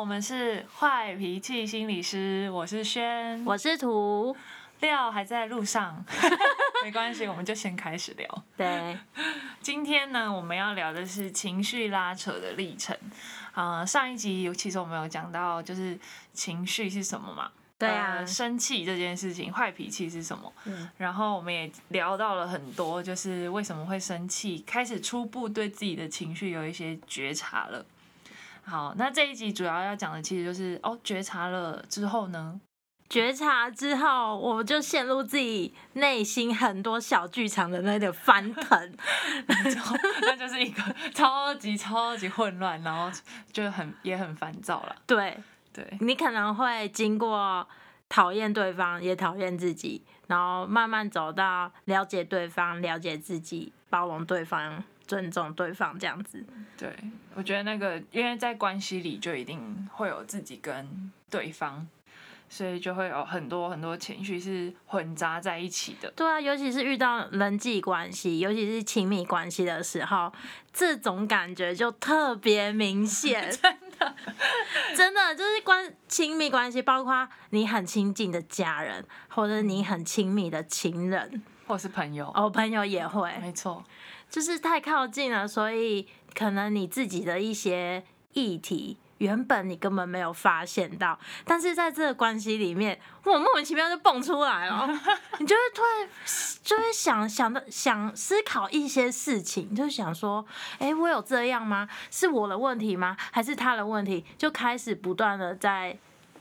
我們是壞脾氣心理師，我是軒，我是圖，廖還在路上， 沒關係，我們就先開始聊。對，今天呢，我們要聊的是情緒拉扯的歷程。啊、呃，上一集其實我們有講到，就是情緒是什麼嘛？對啊，呃、生氣這件事情，壞脾氣是什麼？嗯、然後我們也聊到了很多，就是為什麼會生氣，開始初步對自己的情緒有一些覺察了。好，那這一集主要要講的其實就是哦，覺察了之後呢？覺察之後，我就陷入自己內心很多小劇場的那種翻騰，那 那就是一個超級超級混亂， 然後就很也很煩躁了。對對，對你可能會經過討厭對方，也討厭自己，然後慢慢走到了解對方，了解自己，包容對方，尊重對方這樣子，對，我覺得那個，因為在關係裡就一定會有自己跟對方，所以就會有很多很多情緒是混雜在一起的。對啊，尤其是遇到人際關係，尤其是親密關係的時候，這種感覺就特別明顯。 真的，真的就是關親密關係，包括你很親近的家人，或者你很親密的情人，或是朋友，哦，朋友也會，沒錯。就是太靠近了，所以可能你自己的一些議題，原本你根本沒有發現到，但是在這個關係裡面，我莫名其妙就蹦出來了。 你就會突然就會想想到想思考一些事情，就想說，誒、欸，我有這樣嗎？是我的問題嗎？還是他的問題？就開始不斷的在。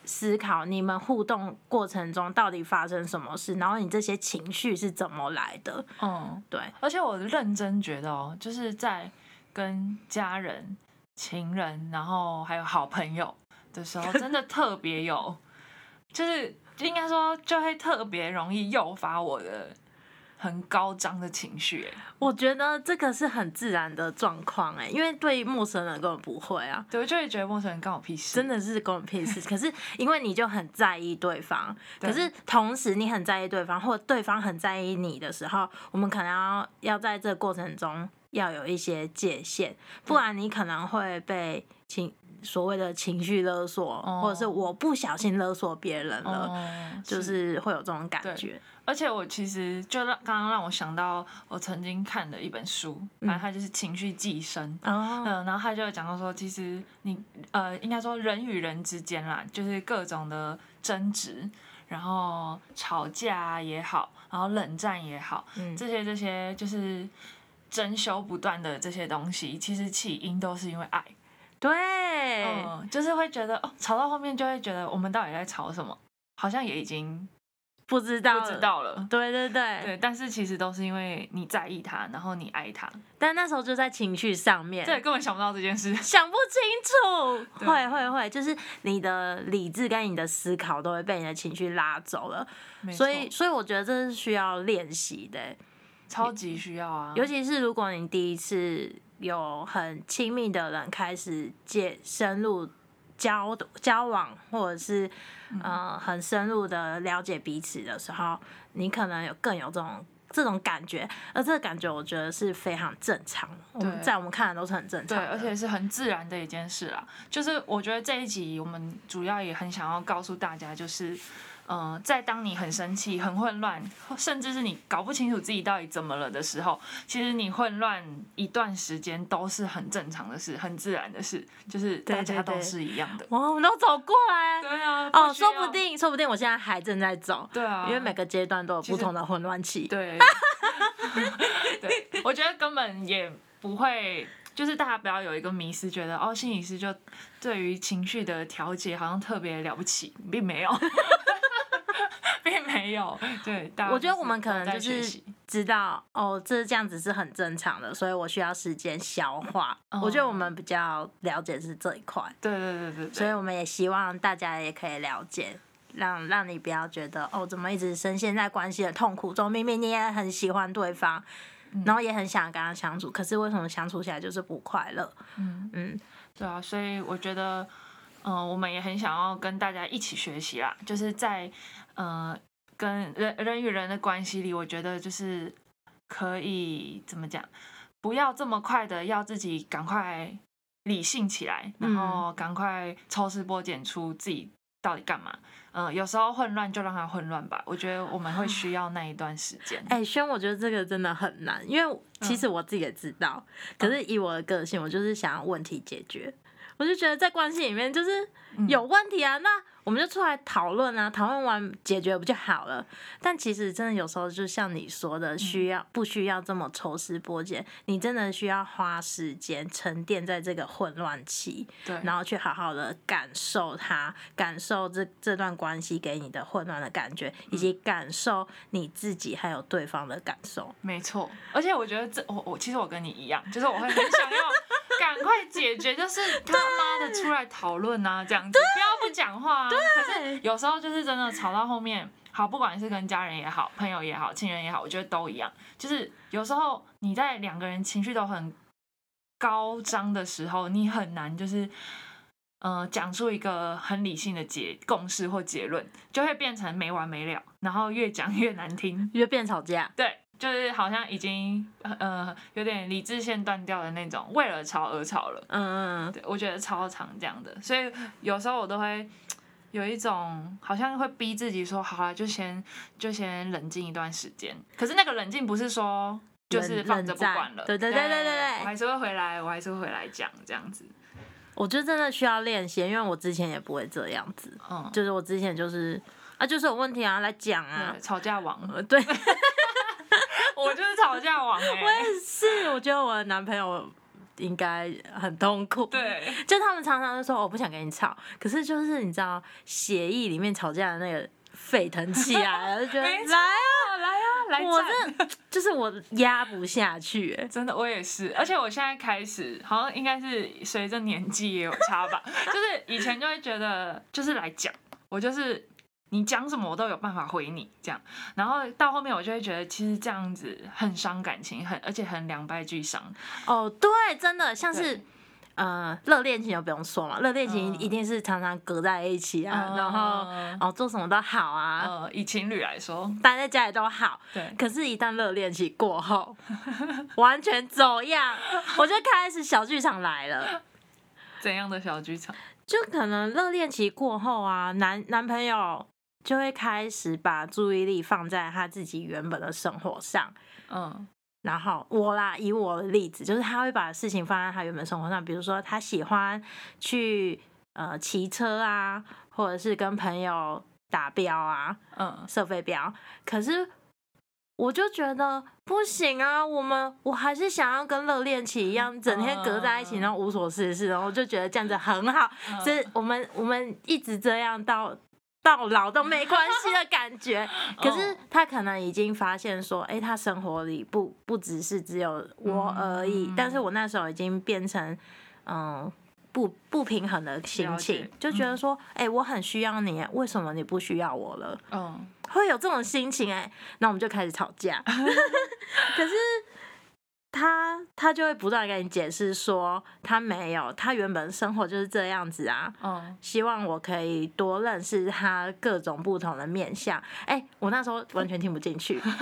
思考你們互動過程中到底發生什麼事，然後你這些情緒是怎麼來的？嗯，對。而且我認真覺得哦，就是在跟家人、情人，然後還有好朋友的時候，真的特別有， 就是應該說就會特別容易誘發我的。很高漲的情緒、欸，我覺得這個是很自然的狀況，哎，因為對於陌生人根本不會啊，對，我就會覺得陌生人關我屁事，真的是關我屁事。 可是因為你就很在意對方，對，可是同時你很在意對方，或者對方很在意你的時候，我們可能要要在這個過程中要有一些界限，對不然你可能會被情所謂的情緒勒索，哦、或者是我不小心勒索別人了，哦、是、就是會有這種感覺。而且我其實就剛剛讓我想到我曾經看的一本書，反正、嗯、它就是《情緒寄生》哦。嗯，然後它就講到說，其實你呃，應該說人與人之間啦，就是各種的爭執，然後吵架也好，然後冷戰也好，這些、嗯、這些就是爭修不斷的這些東西，其實起因都是因為愛。對、嗯，就是會覺得哦，吵到後面就會覺得我們到底在吵什麼，好像也已經。不知道，不知道了，對對對，對，但是其實都是因為你在意他，然後你愛他，但那時候就在情緒上面，對，根本想不到這件事，想不清楚，對會會會，就是你的理智跟你的思考都會被你的情緒拉走了，錯所以所以我覺得這是需要練習的，超級需要啊，尤其是如果你第一次有很親密的人開始介深入。交交往，或者是呃很深入的了解彼此的時候，你可能有更有這種這種感覺，而這個感覺我覺得是非常正常，對我在我們看來都是很正常，對，而且是很自然的一件事啦。就是我覺得這一集我們主要也很想要告訴大家，就是。嗯、呃，在當你很生氣、很混亂，甚至是你搞不清楚自己到底怎麼了的時候，其實你混亂一段時間都是很正常的事，很自然的事，就是大家都是一樣的。哇、哦，我們都走過來。對啊。哦，說不定，說不定我現在還正在走。對啊。因為每個階段都有不同的混亂期。對， 對。我覺得根本也不會，就是大家不要有一個迷思，覺得哦，心理師就對於情緒的調節好像特別了不起，並沒有。 並沒有對，就是、我覺得我們可能就是知道哦，這這樣子是很正常的，所以我需要時間消化。哦、我覺得我們比較了解的是這一塊，對，對對對對。所以我們也希望大家也可以了解，讓讓你不要覺得哦，怎麼一直深陷在關係的痛苦中？明明你也很喜歡對方，然後也很想跟他相處，可是為什麼相處起來就是不快樂？嗯嗯，嗯對啊，所以我覺得，嗯、呃，我們也很想要跟大家一起學習啦，就是在。嗯、呃，跟人人與人的關係裡，我覺得就是可以怎麼講，不要這麼快的要自己趕快理性起來，然後趕快抽絲剝繭出自己到底幹嘛。嗯、呃，有時候混亂就讓它混亂吧，我覺得我們會需要那一段時間。哎、 欸，宣，我覺得這個真的很難，因為其實我自己也知道，嗯、可是以我的個性，我就是想要問題解決。我就覺得在關係裡面就是有問題啊，嗯、那。我們就出來討論啊，討論完解決不就好了？但其實真的有時候，就像你說的，需要、嗯、不需要這麼抽絲剝繭？你真的需要花時間沉澱在這個混亂期，對，然後去好好的感受它，感受這這段關係給你的混亂的感覺，嗯、以及感受你自己還有對方的感受。沒錯，而且我覺得這我我其實我跟你一樣，就是我會很想要趕快解決，就是他媽的出來討論啊，這樣子，對不要不講話啊。可是有時候就是真的吵到後面，好不管是跟家人也好、朋友也好、親人也好，我覺得都一樣。就是有時候你在兩個人情緒都很高漲的時候，你很難就是呃講出一個很理性的結共識或結論，就會變成沒完沒了，然後越講越難聽，越變吵架。對，就是好像已經呃有點理智線斷掉的那種，為了吵而吵了。嗯嗯，對，我覺得超常這樣的，所以有時候我都會。有一種好像會逼自己說，好了，就先就先冷靜一段時間。可是那個冷靜不是說就是放着不管了。對對對對對，我還是會回來，我還是會回來講這樣子。我覺得真的需要練習，因為我之前也不會這樣子，嗯，就是我之前就是啊，就是有問題啊來講啊，吵架王，對， 我就是吵架王欸，我也是。我覺得我的男朋友。應該很痛苦，對，就他們常常就說，我不想跟你吵，可是就是你知道協議裡面吵架的那個沸騰起來，就覺得 沒錯 來啊來啊來，我真的就是我壓不下去。欸，真的我也是，而且我現在開始好像應該是隨着年紀也有差吧，就是以前就會覺得就是來講，我就是。你講什麼我都有辦法回你這樣，然後到後面我就會覺得其實這樣子很傷感情，很而且很兩敗俱傷。哦，對，真的像是，對呃，熱戀期就不用說嘛，熱戀期一定是常常隔在一起啊，呃、然後哦，做什麼都好啊，呃、以情侶來說，待在家裡都好。對，可是一旦熱戀期過後， 完全走樣，我就開始小劇場來了。怎樣的小劇場？就可能熱戀期過後啊，男男朋友。就會開始把注意力放在他自己原本的生活上，嗯，然後我啦，以我的例子，就是他會把事情放在他原本生活上，比如說他喜歡去呃騎車啊，或者是跟朋友打標啊，嗯，射飛鏢。可是我就覺得不行啊，我們我還是想要跟熱戀期一樣，整天隔在一起，嗯、然後無所事事，然後我就覺得這樣子很好。嗯、所以我們我們一直這樣到。到老都沒關係的感覺，可是他可能已經發現說，哎、欸，他生活裡不不只是只有我而已，嗯嗯、但是我那時候已經變成，嗯，不不平衡的心情，情，嗯、就覺得說，哎、欸，我很需要你，為什麼你不需要我了？嗯，會有這種心情，哎，那我們就開始吵架。 可是。他他就會不斷跟你解釋說他沒有，他原本生活就是這樣子啊。嗯，希望我可以多認識他各種不同的面相。哎、欸，我那時候完全聽不進去， 我就覺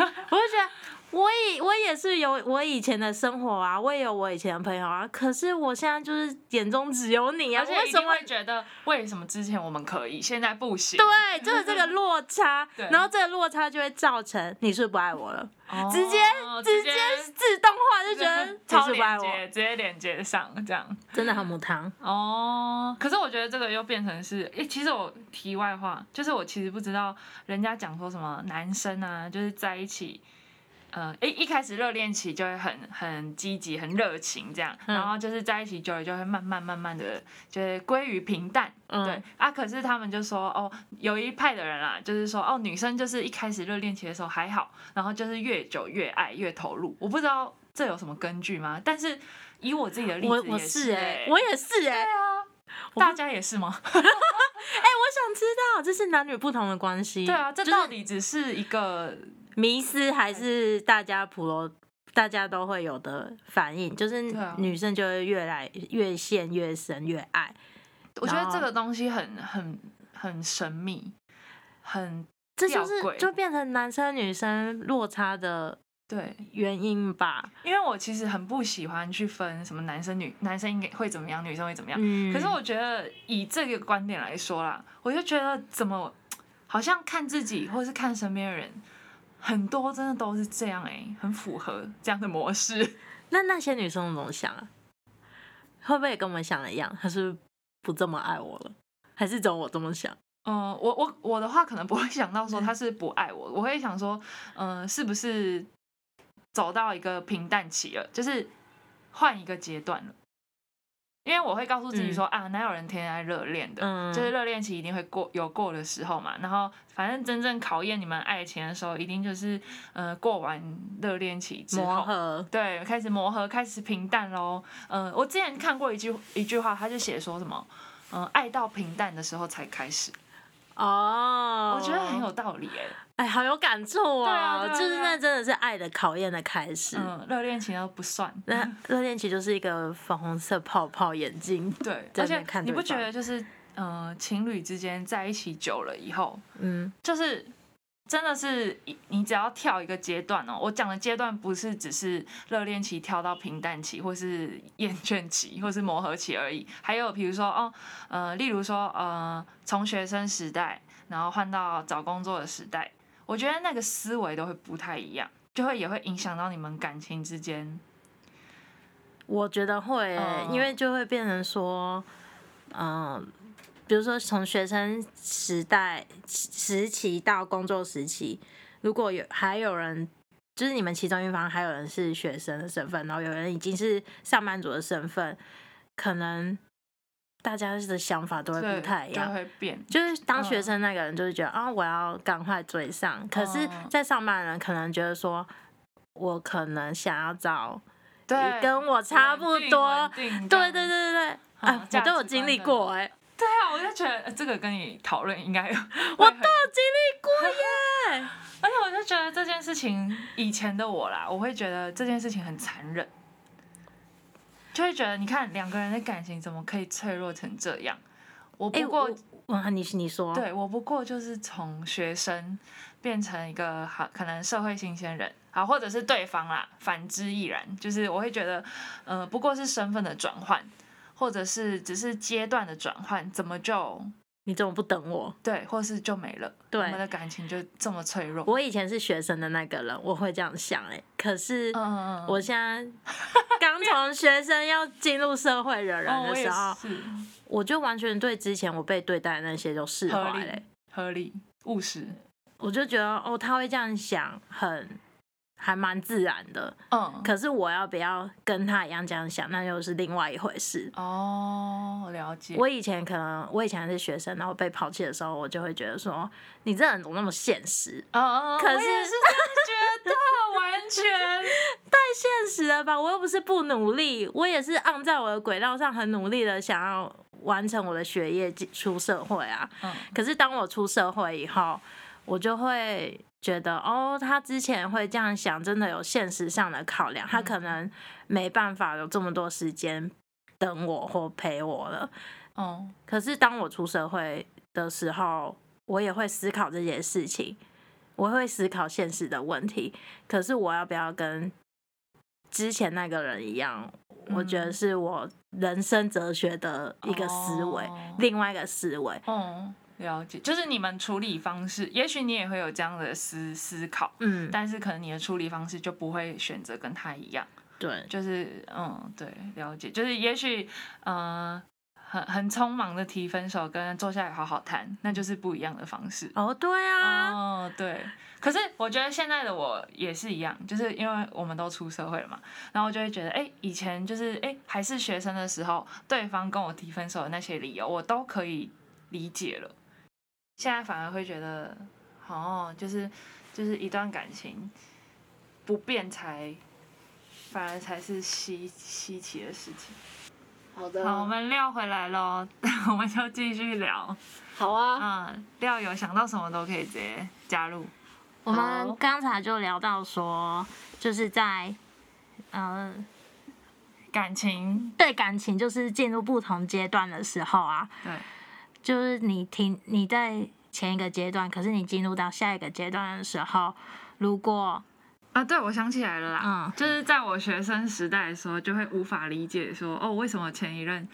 得。我以我也是有我以前的生活啊，我也有我以前的朋友啊，可是我現在就是眼中只有你啊，而且 為什麼會會覺得為什麼之前我們可以，現在不行？對，就是這個落差， 對然後這個落差就會造成你是不，是不愛我了，oh, 直接直接，直接自動化就覺得超，超不愛我，直接連接上這樣，真的很母湯哦。Oh, 可是我覺得這個又變成是，誒、欸，其實我題外話就是我其實不知道人家講說什麼男生啊，就是在一起。嗯，一一開始熱戀期就會很很積極、很熱情這樣，嗯、然後就是在一起久了，就會慢慢慢慢的，就是歸於平淡。嗯、對啊，可是他們就說哦，有一派的人啊，就是說哦，女生就是一開始熱戀期的時候還好，然後就是越久越愛、越投入。我不知道這有什麼根據嗎？但是以我自己的例子，我也是哎、欸，我也是哎，大家也是嗎？哎、 欸，我想知道這是男女不同的關係。對啊，這到底、就是、只是一個。迷思還是大家普羅，大家都會有的反應，就是女生就會越來越陷越深越愛。我覺得這個東西很很很神秘，很這就是就變成男生女生落差的對原因吧。因為我其實很不喜歡去分什麼男生女，男生應該會怎麼樣，女生會怎麼樣。嗯、可是我覺得以這個觀點來說啦，我就覺得怎麼好像看自己或是看身邊的人。很多真的都是這樣哎、欸，很符合這樣的模式。那那些女生怎麼想啊？會不會也跟我們想的一樣？她是，是不這麼愛我了，還是只有我這麼想？嗯、呃，我我我的話可能不會想到說她是不愛我，是我會想說，嗯、呃，是不是走到一個平淡期了？就是換一個階段了。因為我會告訴自己說、嗯、啊，哪有人天天愛熱戀的？就是熱戀期一定會過有過的時候嘛。然後反正真正考驗你們愛情的時候，一定就是嗯、呃、過完熱戀期之後，磨合。對，開始磨合，開始平淡咯。嗯、呃，我之前看過一句一句話，他就寫說什麼，嗯、呃，愛到平淡的時候才開始。哦，oh, 我覺得很有道理哎。哎，好有感觸啊,啊！對啊，對啊就是那真的是愛的考驗的開始。嗯，熱戀期都不算，那熱戀期就是一個粉紅色泡泡眼鏡。對，在看對而且你不覺得就是，嗯、呃，情侶之間在一起久了以後，嗯，就是。真的是，你只要跳一個階段哦。我講的階段不是只是熱戀期跳到平淡期，或是厭倦期，或是磨合期而已。還有，比如說哦，呃，例如說，呃，從學生時代，然後換到找工作的時代，我覺得那個思維都會不太一樣，就會也會影響到你們感情之間。我覺得會，呃、因為就會變成說，嗯、呃。比如說，從學生時代時期到工作時期，如果有還有人，就是你們其中一方還有人是學生的身份，然後有人已經是上班族的身份，可能大家的想法都會不太一樣，就會變。就是當學生那個人就是覺得啊、嗯哦，我要趕快追上。可是，在上班的人可能覺得說，我可能想要找，對，跟我差不多。完定完定對對對對對。好啊，我都有經歷過哎，欸。我就覺得這個跟你討論應該有，我都經歷過耶。而且我就覺得這件事情，以前的我啦，我會覺得這件事情很殘忍，就會覺得你看兩個人的感情怎麼可以脆弱成這樣？我不過對，我不過就是從學生變成一個好可能社會新鮮人，好或者是對方啦，反之亦然，就是我會覺得，嗯，不過是身份的轉換。或者是只是階段的轉換，怎麼就你怎麼不等我？對，或是就沒了，對，我們的感情就這麼脆弱。我以前是學生的那個人，我會這樣想哎、欸，可是我現在剛從學生要進入社會的人的時候， 哦、我，我就完全對之前我被對待那些就釋懷了、欸合，合理務實，我就覺得哦，他會這樣想很。還蠻自然的，嗯，可是我要不要跟他一樣這樣想，那又是另外一回事。哦，了解。我以前可能，我以前是學生，然後被拋棄的時候，我就會覺得說，你這人怎麼那麼現實啊？哦、可是我也是覺得， 完全太現實了吧？我又不是不努力，我也是按在我的軌道上很努力的，想要完成我的學業進出社會啊。嗯、可是當我出社會以後。我就會覺得，哦，他之前會這樣想，真的有現實上的考量，嗯、他可能沒辦法有這麼多時間等我或陪我了。哦，可是當我出社會的時候，我也會思考這件事情，我會思考現實的問題。可是我要不要跟之前那個人一樣？嗯、我覺得是我人生哲學的一個思維，哦、另外一個思維。哦了解，就是你們處理方式，也許你也會有這樣的思思考，嗯，但是可能你的處理方式就不會選擇跟他一樣，對，就是嗯，對，了解，就是也許，嗯、呃，很很匆忙的提分手，跟坐下來好好談，那就是不一樣的方式。哦，對啊，哦、嗯，對，可是我覺得現在的我也是一樣，就是因為我們都出社會了嘛，然後就會覺得，哎、欸，以前就是哎、欸，還是學生的時候，對方跟我提分手的那些理由，我都可以理解了。現在反而會覺得，哦，就是就是一段感情不變才，反而才是稀稀奇的事情。好的，好，我們聊回來嘍， 我們就繼續聊。好啊，嗯，料有想到什麼都可以直接加入。我們剛才就聊到說，就是在嗯、呃、感情，對感情就是進入不同階段的時候啊，對。就是你聽你在前一個階段，可是你進入到下一個階段的時候，如果啊對，對我想起來了啦，嗯，就是在我學生時代的時候，就會無法理解說，哦，為什麼前一任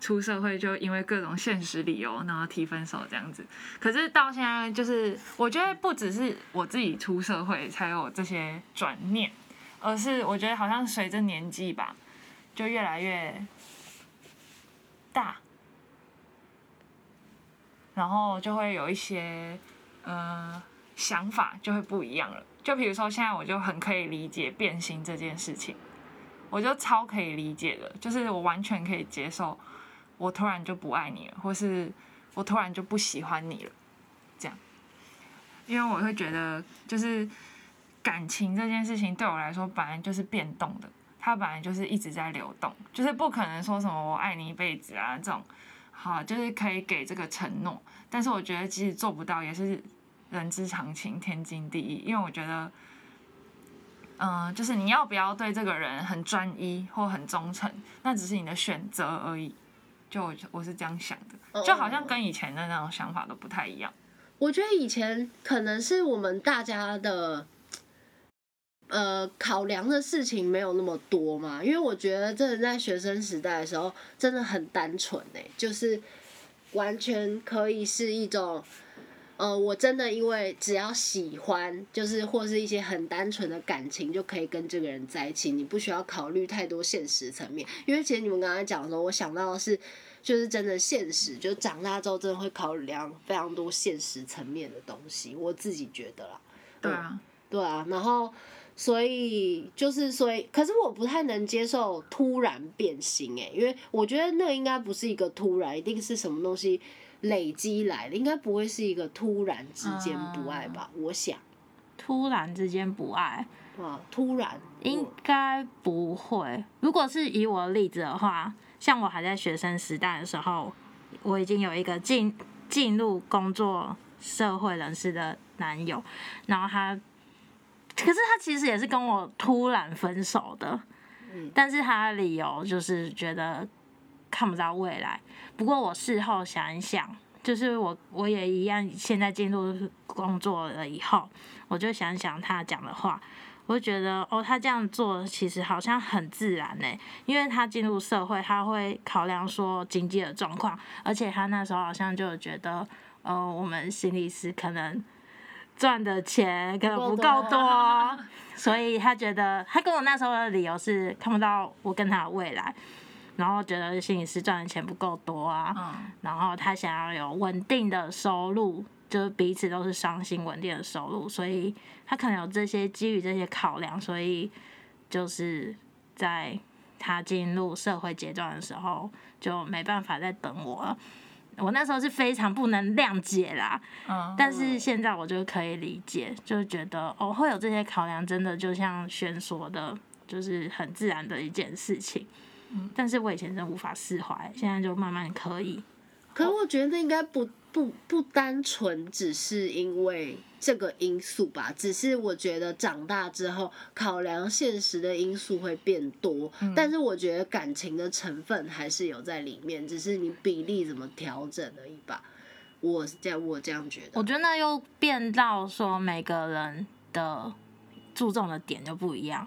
出社會，就因為各種現實理由，然後提分手這樣子。可是到現在，就是我覺得不只是我自己出社會才有這些轉念，而是我覺得好像隨着年紀吧，就越來越大。然後就會有一些，嗯、呃，想法就會不一樣了。就比如說，現在我就很可以理解變心這件事情，我就超可以理解的，就是我完全可以接受，我突然就不愛你了，或是我突然就不喜歡你了，這樣。因為我會覺得，就是感情這件事情對我來說，本來就是變動的，它本來就是一直在流動，就是不可能說什麼我愛你一輩子啊這種。啊，就是可以給這個承諾，但是我覺得即使做不到，也是人之常情，天經地義。因為我覺得，嗯、呃，就是你要不要對這個人很專一或很忠誠，那只是你的選擇而已。就我我是這樣想的，就好像跟以前的那種想法都不太一樣。Oh, oh. 我覺得以前可能是我們大家的。呃，考量的事情沒有那麼多嘛，因為我覺得真的在學生時代的時候真的很單純哎、欸，就是完全可以是一種，呃，我真的因為只要喜歡，就是或是一些很單純的感情就可以跟這個人在一起，你不需要考慮太多現實層面。因為其實你們剛才講的時候，我想到的是，就是真的現實，就長大之後真的會考量非常多現實層面的東西，我自己覺得啦。對啊、嗯，對啊，然後。所以就是所以可是我不太能接受突然變心哎、欸，因為我覺得那應該不是一個突然，一定是什麼東西累積來的，應該不會是一個突然之間不愛吧？嗯、我想，突然之間不愛啊，突然應該不會。如果是以我的例子的話，像我還在學生時代的時候，我已經有一個進進入工作社會人士的男友，然後他。可是他其實也是跟我突然分手的，但是他的理由就是覺得看不到未來。不過我事後想一想，就是我我也一樣，現在進入工作了以後，我就想一想他講的話，我就覺得哦，他這樣做其實好像很自然呢，因為他進入社會，他會考量說經濟的狀況，而且他那時候好像就覺得呃，我們心理師可能。賺的錢可能不夠多啊，所以他覺得他跟我那時候的理由是看不到我跟他的未來，然後覺得心理師賺的錢不夠多啊，然後他想要有穩定的收入，就是彼此都是雙薪穩定的收入，所以他可能有這些基於這些考量，所以就是在他進入社會階段的時候就沒辦法再等我了。我那時候是非常不能諒解啦，oh. 但是現在我就可以理解，就覺得哦，會有這些考量，真的就像軒說的，就是很自然的一件事情，mm. 但是我以前真無法釋懷，現在就慢慢可以。可是我覺得應該不不不單純只是因為。這個因素吧，只是我覺得長大之後考量現實的因素會變多，嗯，但是我覺得感情的成分還是有在裡面，只是你比例怎麼調整而已吧。我這我這樣覺得，我覺得那又變到說每個人的注重的點就不一樣，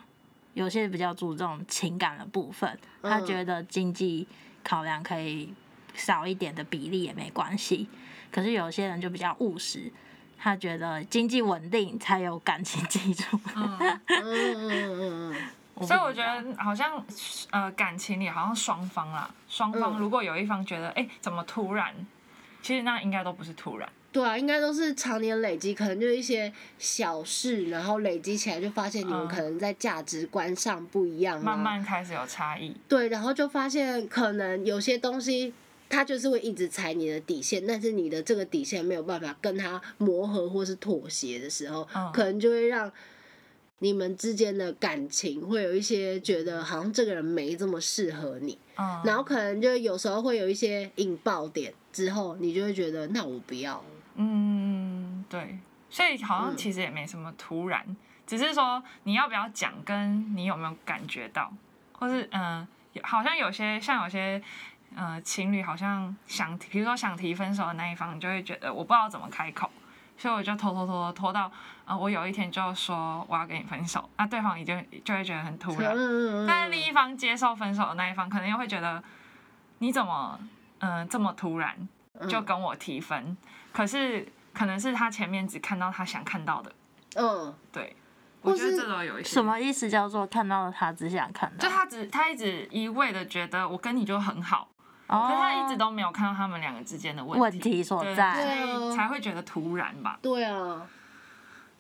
有些比較注重情感的部分，他覺得經濟考量可以少一點的比例也沒關係，可是有些人就比較務實。他覺得經濟穩定才有感情基礎。嗯 嗯。嗯嗯嗯嗯嗯。 所以我覺得好像呃感情裡好像雙方啦，雙方如果有一方覺得哎、嗯欸、怎麼突然，其實那應該都不是突然。對啊，應該都是常年累積，可能就一些小事，然後累積起來就發現你們可能在價值觀上不一樣，啊嗯，慢慢開始有差異。對，然後就發現可能有些東西。他就是會一直踩你的底線，但是你的這個底線沒有辦法跟他磨合或是妥協的時候，哦、可能就會讓你們之間的感情會有一些覺得好像這個人沒這麼適合你，哦、然後可能就有時候會有一些引爆點，之後你就會覺得那我不要。嗯，對，所以好像其實也沒什麼突然，嗯，只是說你要不要講，跟你有沒有感覺到，或是嗯、呃，好像有些像有些。呃，情侶好像想，比如說想提分手的那一方，就會覺得我不知道怎麼開口，所以我就拖拖拖拖到，呃，我有一天就說我要跟你分手，那、啊、對方也就，就會覺得很突然。了但是另一方接受分手的那一方，可能又會覺得你怎麼嗯、呃、這麼突然就跟我提分？嗯、可是可能是他前面只看到他想看到的。嗯，對。或是 我覺得這都有意思。什麼意思叫做看到了他只想看到？就他只他一直一味的覺得我跟你就很好。可是他一直都沒有看到他們兩個之間的問題，問題所在，對，才會覺得突然吧。對啊，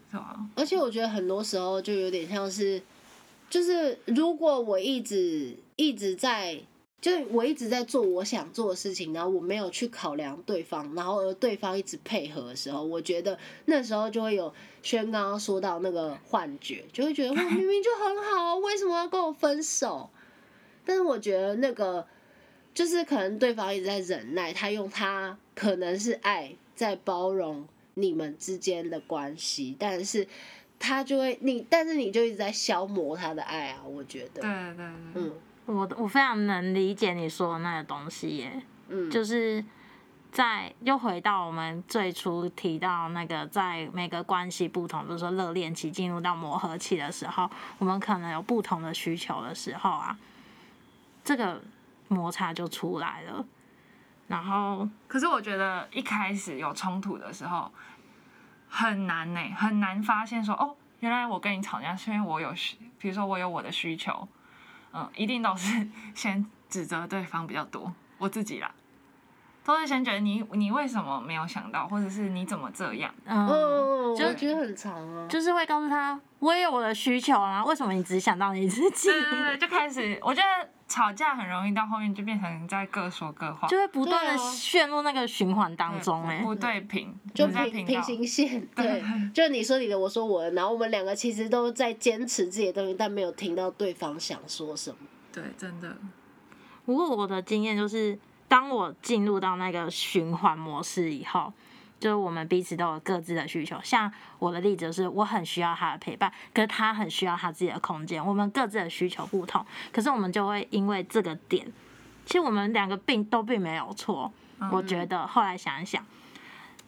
是吧？而且我覺得很多時候就有點像是，就是如果我一直一直在，就是我一直在做我想做的事情，然後我沒有去考量對方，然後而對方一直配合的時候，我覺得那時候就會有軒剛剛說到那個幻覺，就會覺得我、哦、明明就很好，為什麼要跟我分手？但是我覺得那個。就是可能對方一直在忍耐，他用他可能是愛在包容你們之間的關係，但是他就會你，但是你就一直在消磨他的愛啊！我覺得，對對對，嗯，我我非常能理解你說的那個東西耶，嗯，就是在又回到我們最初提到那個，在每個關係不同，比如說熱戀期進入到磨合期的時候，我們可能有不同的需求的時候啊，這個。摩擦就出來了，然後可是我覺得一開始有衝突的時候很難呢、欸，很難發現說哦，原來我跟你吵架是因為我有，比如說我有我的需求，嗯，一定都是先指責對方比較多，我自己啦，都是先覺得你你為什麼沒有想到，或者是你怎麼這樣，哦、嗯，就覺得很長啊，就是會告訴他我也有我的需求啊，為什麼你只想到你自己？對，對，對，就開始 我覺得。吵架很容易到後面就變成在各說各話，就會不斷的陷入那個循環當中、欸。哎對、哦，不對平，對就平評平行線，對，對 就你說你的，我說我的。然後我們兩個其實都在堅持自己的東西，但沒有聽到對方想說什麼。對，真的。不過我的經驗就是，當我進入到那個循環模式以後，就是我們彼此都有各自的需求，像我的例子是，我很需要他的陪伴，可是他很需要他自己的空間。我們各自的需求不同，可是我們就會因為這個點，其實我們兩個並都並沒有錯。嗯，我覺得後來想一想，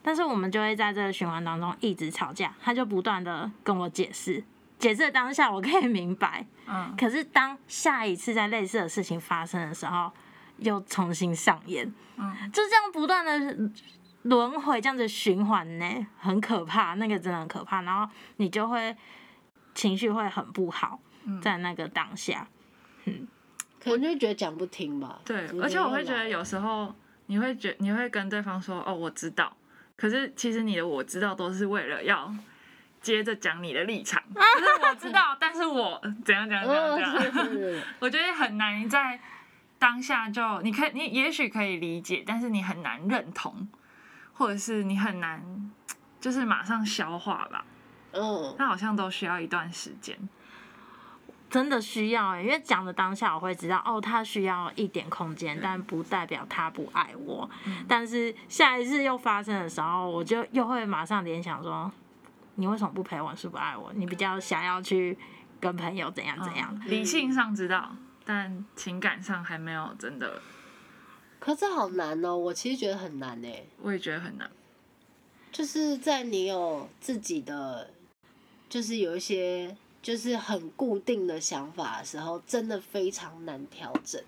但是我們就會在這個循環當中一直吵架，他就不斷的跟我解釋，解釋當下我可以明白，嗯，可是當下一次在類似的事情發生的時候，又重新上演，嗯，就這樣不斷的。輪回這樣子循環呢，很可怕，那個真的很可怕。然後你就會情緒會很不好，嗯、在那個當下，我、嗯、就覺得講不聽吧。對，而且我會覺得有時候你會覺得你會跟對方說哦，我知道，可是其實你的我知道都是為了要接着講你的立場。 不是我知道，但是我怎樣怎樣怎樣怎樣，是是 我覺得很難在當下就，你可你也許可以理解，但是你很難認同。或者是你很難，就是馬上消化吧，哦，那好像都需要一段時間，真的需要、欸，因為講的當下我會知道，哦，他需要一點空間，對但不代表他不愛我。嗯、但是下一次又發生的時候，我就又會馬上聯想說，你為什麼不陪我？是不愛我？你比較想要去跟朋友怎樣怎樣？嗯、理性上知道，但情感上還沒有真的。可是好難哦，我其實覺得很難呢、欸。我也覺得很難，就是在你有自己的，就是有一些就是很固定的想法的時候，真的非常難調整，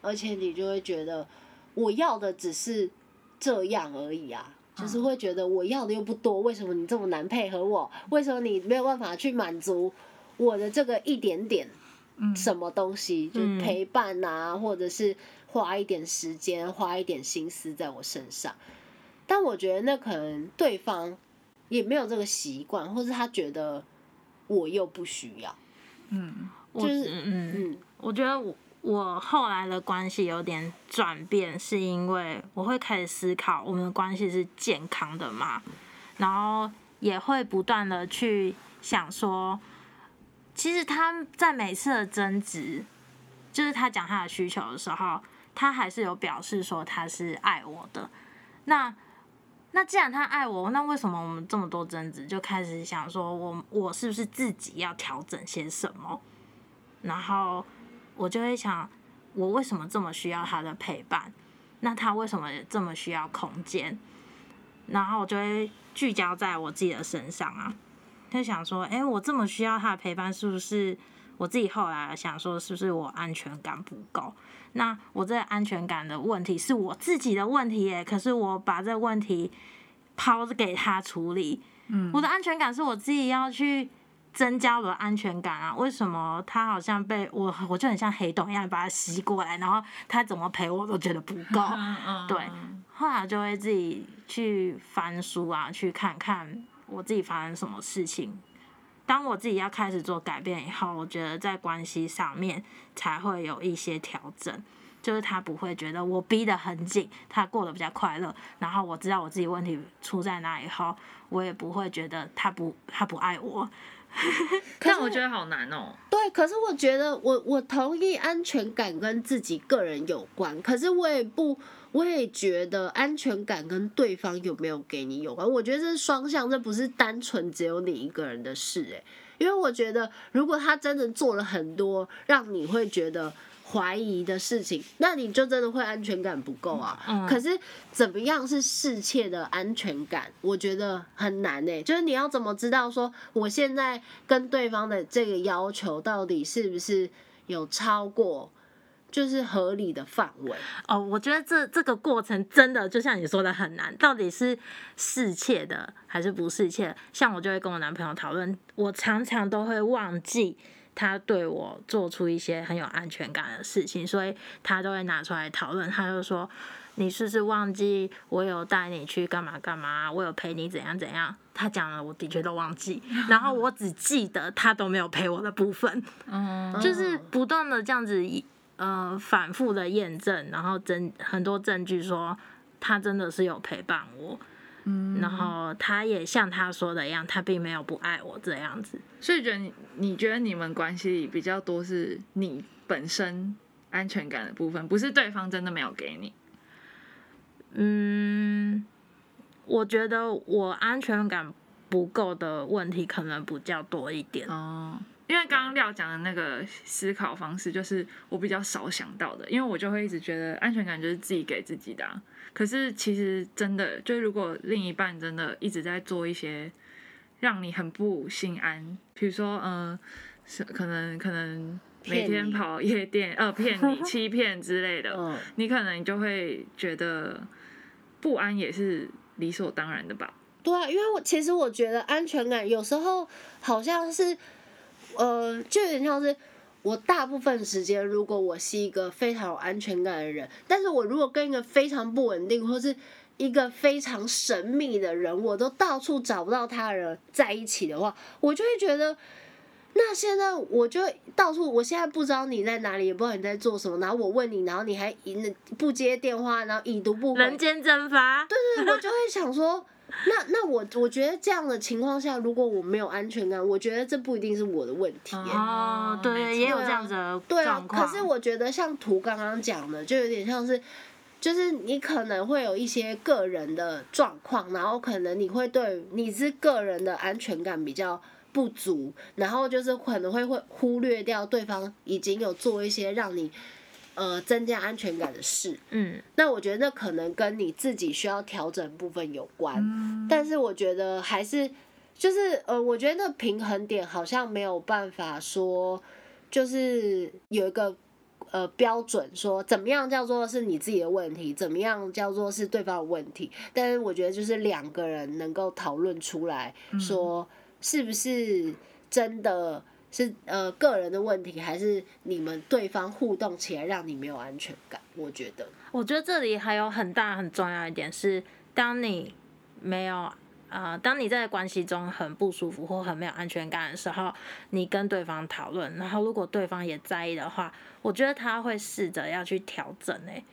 而且你就會覺得我要的只是這樣而已啊，啊就是會覺得我要的又不多，為什麼你這麼難配合我？為什麼你沒有辦法去滿足我的這個一點點？嗯，什麼東西？嗯、就陪伴啊，嗯、或者是。花一點時間，花一點心思在我身上，但我覺得那可能對方也沒有這個習慣，或是他覺得我又不需要。嗯，我就是嗯嗯，嗯，我覺得我我後來的關係有點轉變，是因為我會開始思考我們的關係是健康的嘛，然後也會不斷的去想說，其實他在每次的爭執，就是他講他的需求的時候。他還是有表示說他是愛我的，那那既然他愛我，那為什麼我們這麼多爭執？就開始想說我，我我是不是自己要調整些什麼？然後我就會想，我為什麼這麼需要他的陪伴？那他為什麼也這麼需要空間？然後我就會聚焦在我自己的身上啊，就想說，哎，我這麼需要他的陪伴，是不是？我自己後來想說，是不是我安全感不夠？那我這安全感的問題是我自己的問題耶。可是我把這個問題拋給他處理，嗯，我的安全感是我自己要去增加我的安全感啊。為什麼他好像被我，我就很像黑洞一樣把他吸過來，嗯、然後他怎麼陪我都覺得不夠。嗯、對，後來就會自己去翻書啊，去看看我自己發生什麼事情。當我自己要開始做改變以後，我覺得在關係上面才會有一些調整，就是他不會覺得我逼得很緊，他過得比較快樂，然後我知道我自己問題出在哪以後，我也不會覺得他不他不愛我。 可是我覺得好難哦。對，可是我覺得我我同意安全感跟自己個人有關，可是我也不。我也覺得安全感跟對方有沒有給你有關，我覺得這是雙向，這不是單純只有你一個人的事哎、欸。因為我覺得，如果他真的做了很多讓你會覺得懷疑的事情，那你就真的會安全感不夠啊。嗯嗯。可是怎麼樣是適切的安全感？我覺得很難哎、欸，就是你要怎麼知道說我現在跟對方的這個要求到底是不是有超過？就是合理的範圍哦，我覺得這這個過程真的就像你說的很難，到底是適切的還是不適切。像我就會跟我男朋友討論，我常常都會忘記他對我做出一些很有安全感的事情，所以他都會拿出來討論。他就說：“你是不是忘記我有帶你去幹嘛幹嘛？我有陪你怎樣怎樣？”他講了，我的確都忘記，然後我只記得他都沒有陪我的部分。嗯， 就是不斷的這樣子。呃，反覆的驗證，然後真很多證據說他真的是有陪伴我，嗯，然後他也像他說的一樣，他並沒有不愛我這樣子。所以覺得你你覺得你們關係比較多是你本身安全感的部分，不是對方真的沒有給你？嗯，我覺得我安全感不夠的問題可能比較多一點哦。因為剛剛廖講的那個思考方式，就是我比較少想到的。因為我就會一直覺得安全感就是自己給自己的啊。可是其實真的，就如果另一半真的一直在做一些讓你很不心安，比如說，嗯，是可能可能每天跑夜店，騙你呃，騙你、欺騙之類的， 嗯，你可能就會覺得不安也是理所當然的吧？對啊，因為我其實我覺得安全感有時候好像是。呃，就有點像是我大部分時間，如果我是一個非常有安全感的人，但是我如果跟一個非常不穩定，或是一個非常神秘的人，我都到處找不到他人在一起的話，我就會覺得，那現在我就到處，我現在不知道你在哪裡，也不知道你在做什麼，然後我問你，然後你還不接電話，然後已讀不回，人間蒸發。對對對，我就會想說。 那那我我覺得這樣的情況下，如果我沒有安全感，我覺得這不一定是我的問題耶，oh, 對，也有這樣子的對啊。可是我覺得像圖剛剛講的，就有點像是，就是你可能會有一些個人的狀況，然後可能你會對你是個人的安全感比較不足，然後就是可能會會忽略掉對方已經有做一些讓你。呃，增加安全感的事，嗯，那我覺得那可能跟你自己需要調整部分有關，嗯、但是我覺得還是就是呃，我覺得那平衡點好像沒有辦法說，就是有一個呃標準說怎麼樣叫做是你自己的問題，怎麼樣叫做是對方的問題，但是我覺得就是兩個人能夠討論出來說是不是真的。是呃，個人的問題，還是你們對方互動起來讓你沒有安全感？我覺得，我覺得這裡還有很大很重要一點是，當你沒有啊、呃，當你在關係中很不舒服或很沒有安全感的時候，你跟對方討論，然後如果對方也在意的話，我覺得他會試着要去調整、欸。呢。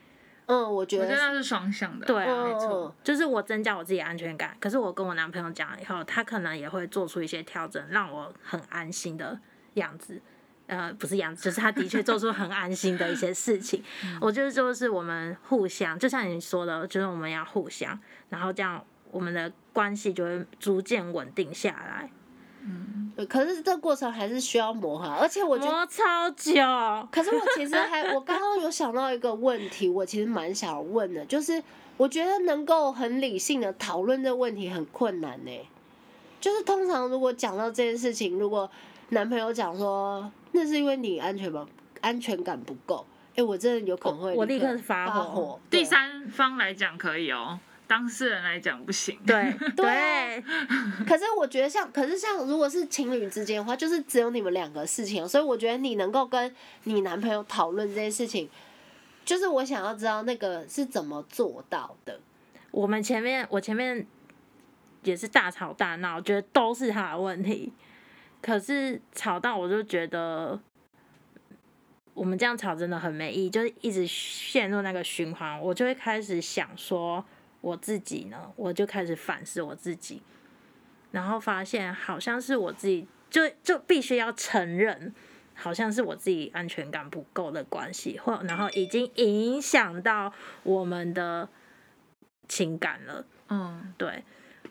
嗯，我覺得他是雙向的，對啊，哦哦沒錯，就是我增加我自己的安全感，可是我跟我男朋友講以後，他可能也會做出一些調整，讓我很安心的。樣子，呃，不是樣子，就是他的確做出很安心的一些事情。 我覺得就是說，是我們互相，就像你說的，就是我們要互相，然後這樣我們的關係就會逐漸穩定下來。嗯，可是這個過程還是需要磨合，而且我覺得磨超久。 可是我其實還，我剛剛有想到一個問題，我其實蠻想問的，就是我覺得能夠很理性的討論這個問題很困難呢、欸。就是通常如果講到這件事情，如果男朋友講說，那是因為你安全嗎？安全感不夠。哎、欸，我真的有可能會，我立刻發火。對第三方來講可以哦、喔，當事人來講不行。對對。對喔、 可是我覺得像，可是像如果是情侶之間的話，就是只有你們兩個事情、喔，所以我覺得你能夠跟你男朋友討論這些事情，就是我想要知道那個是怎麼做到的。我們前面，我前面也是大吵大鬧，覺得都是他的問題。可是吵到我就覺得，我們這樣吵真的很沒意義，就是一直陷入那個循環，我就會開始想說我自己呢，我就開始反思我自己，然後發現好像是我自己，就就必須要承認，好像是我自己安全感不夠的關係，或然後已經影響到我們的情感了，嗯，對。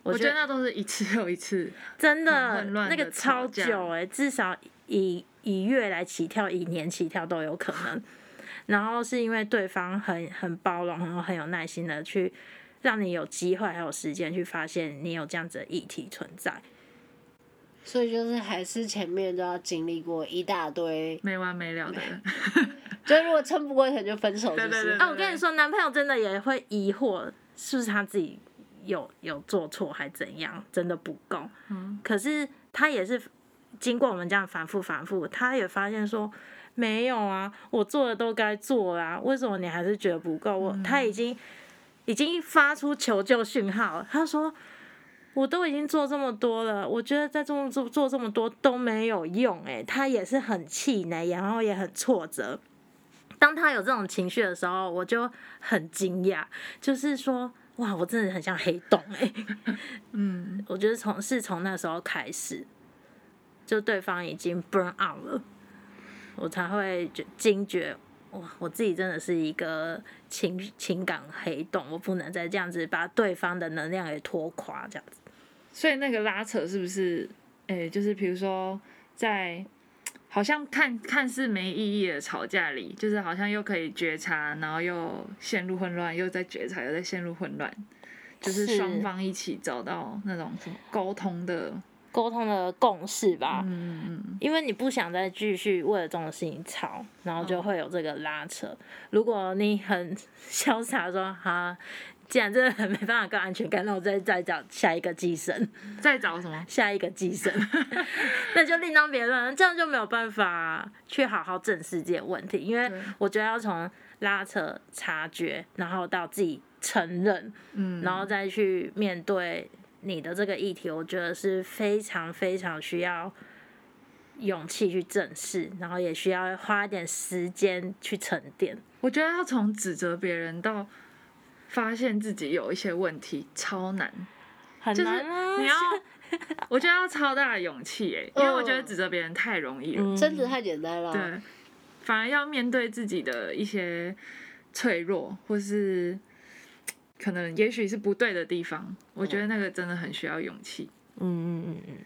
我覺，我覺得那都是一次又一次，真的，亂亂的那個超久哎、欸，至少以，以月來起跳，一年起跳都有可能。然後是因為對方很很包容，然後很有耐心的去讓你有機會，還有時間去發現你有這樣子的議題存在。所以就是還是前面都要經歷過一大堆沒完沒了的沒， 就如果撐不過去就分手，就是。哎，啊、我跟你說，男朋友真的也會疑惑，是不是他自己。有有做錯還怎樣？真的不夠。嗯，可是他也是經過我們這樣反覆反覆他也發現說沒有啊，我做的都該做啊，為什麼你還是覺得不夠？我，嗯，他已經已經發出求救訊號，他說我都已經做這麼多了，我覺得在做做做這麼多都沒有用，欸，哎，他也是很氣餒，然後也很挫折。當他有這種情緒的時候，我就很驚訝，就是說。哇，我真的很像黑洞，欸、 嗯，我覺得從是從那時候開始，就對方已經 burn out 了，我才會覺驚覺，哇，我自己真的是一個情情感黑洞，我不能再這樣子把對方的能量給拖垮這樣子。所以那個拉扯是不是？誒、欸，就是比如說在。好像看看，似沒意義的吵架裡，就是好像又可以覺察，然後又陷入混亂，又在覺察，又在陷入混亂，是，就是雙方一起找到那種溝通的溝通的共識吧。嗯嗯，因為你不想再繼續為了這種事情吵，然後就會有這個拉扯。哦，如果你很瀟灑說哈。既然真的很沒辦法更安全感，那我再再找下一個寄生，再找什麼？下一個寄生， 那就另當別論。這樣就沒有辦法去好好正視這些問題，因為我覺得要從拉扯、察覺，然後到自己承認，嗯，然後再去面對你的這個議題，我覺得是非常非常需要勇氣去正視，然後也需要花一點時間去沉澱。我覺得要從指責別人到。發現自己有一些問題，超難，很難就是你要， 我覺得要超大的勇氣、oh, 因為我覺得指責別人太容易了、嗯，真的太簡單了，對，反而要面對自己的一些脆弱，或是可能也許是不對的地方，我覺得那個真的很需要勇氣、oh. 嗯，嗯嗯嗯嗯。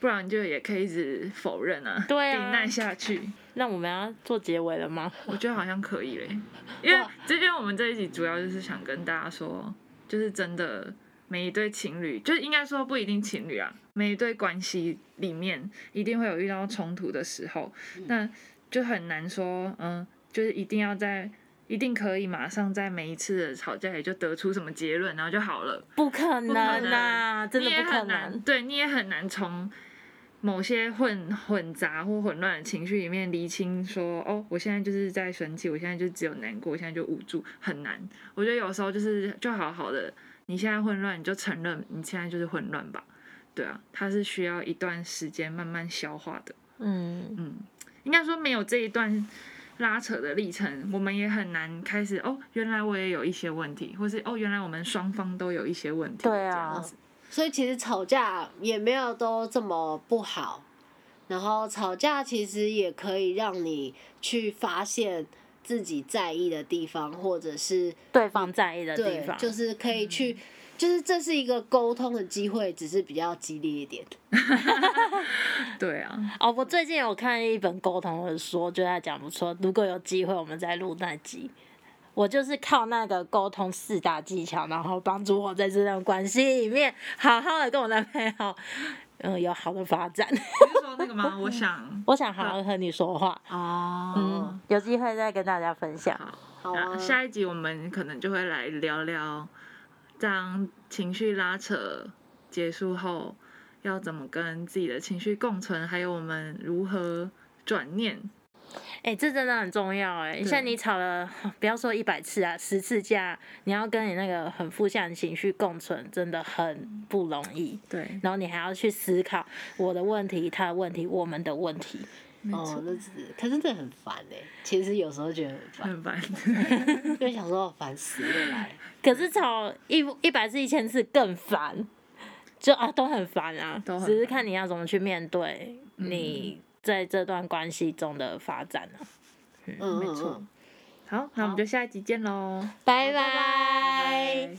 不然就也可以一直否認啊，對啊，忍耐下去。那我們要做結尾了嗎？我覺得好像可以嘞，因為這邊我們這一集主要就是想跟大家說，就是真的每一對情侶，就應該說不一定情侶啊，每一對關係裡面一定會有遇到衝突的時候，那就很難說，嗯，就是一定要在一定可以馬上在每一次的吵架也就得出什麼結論，然後就好了。不可能啊，真的不可能，你也很難，對，你也很難從。某些混混雜或混亂的情緒裡面，釐清說哦，我現在就是在生氣，我現在就只有難過，我現在就無助，很難。我覺得有時候就是就好好的，你現在混亂，你就承認你現在就是混亂吧。對啊，它是需要一段時間慢慢消化的。嗯嗯，應該說沒有這一段拉扯的歷程，我們也很難開始哦。原來我也有一些問題，或是哦，原來我們雙方都有一些問題。對啊。這樣子所以其實吵架也沒有都這麼不好，然後吵架其實也可以讓你去發現自己在意的地方，或者是對方在意的地方，就是可以去，嗯、就是這是一個溝通的機會，只是比較激烈一點。 對啊，哦，oh, 我最近有看一本溝通的書，就他講說如果有機會我們再錄那集。我就是靠那個溝通四大技巧，然後幫助我在這段關係裡面好好的跟我男朋友，嗯、呃，有好的發展。你說那個嗎？ 我想，我想好好和你說話。哦，嗯，有機會再跟大家分享。好，好、啊啊，下一集我們可能就會來聊聊，當情緒拉扯結束後，要怎麼跟自己的情緒共存，還有我們如何轉念。哎、欸，這真的很重要哎、欸！像你吵了，不要說一百次啊，對十次架，你要跟你那個很負向的情緒共存，真的很不容易。對，然後你還要去思考我的問題、他的問題、我們的問題。錯哦，就是，可是真的很煩哎、欸。其實有時候覺得很煩，很煩煩， 因為想說煩死，個來。可是吵一一百次、一千次更煩，就啊都很煩啊，都只是看你要怎麼去面對你。嗯在這段關係中的發展呢、啊，嗯，沒錯，好，那好我們就下一集見嘍，好好拜拜。拜拜拜拜。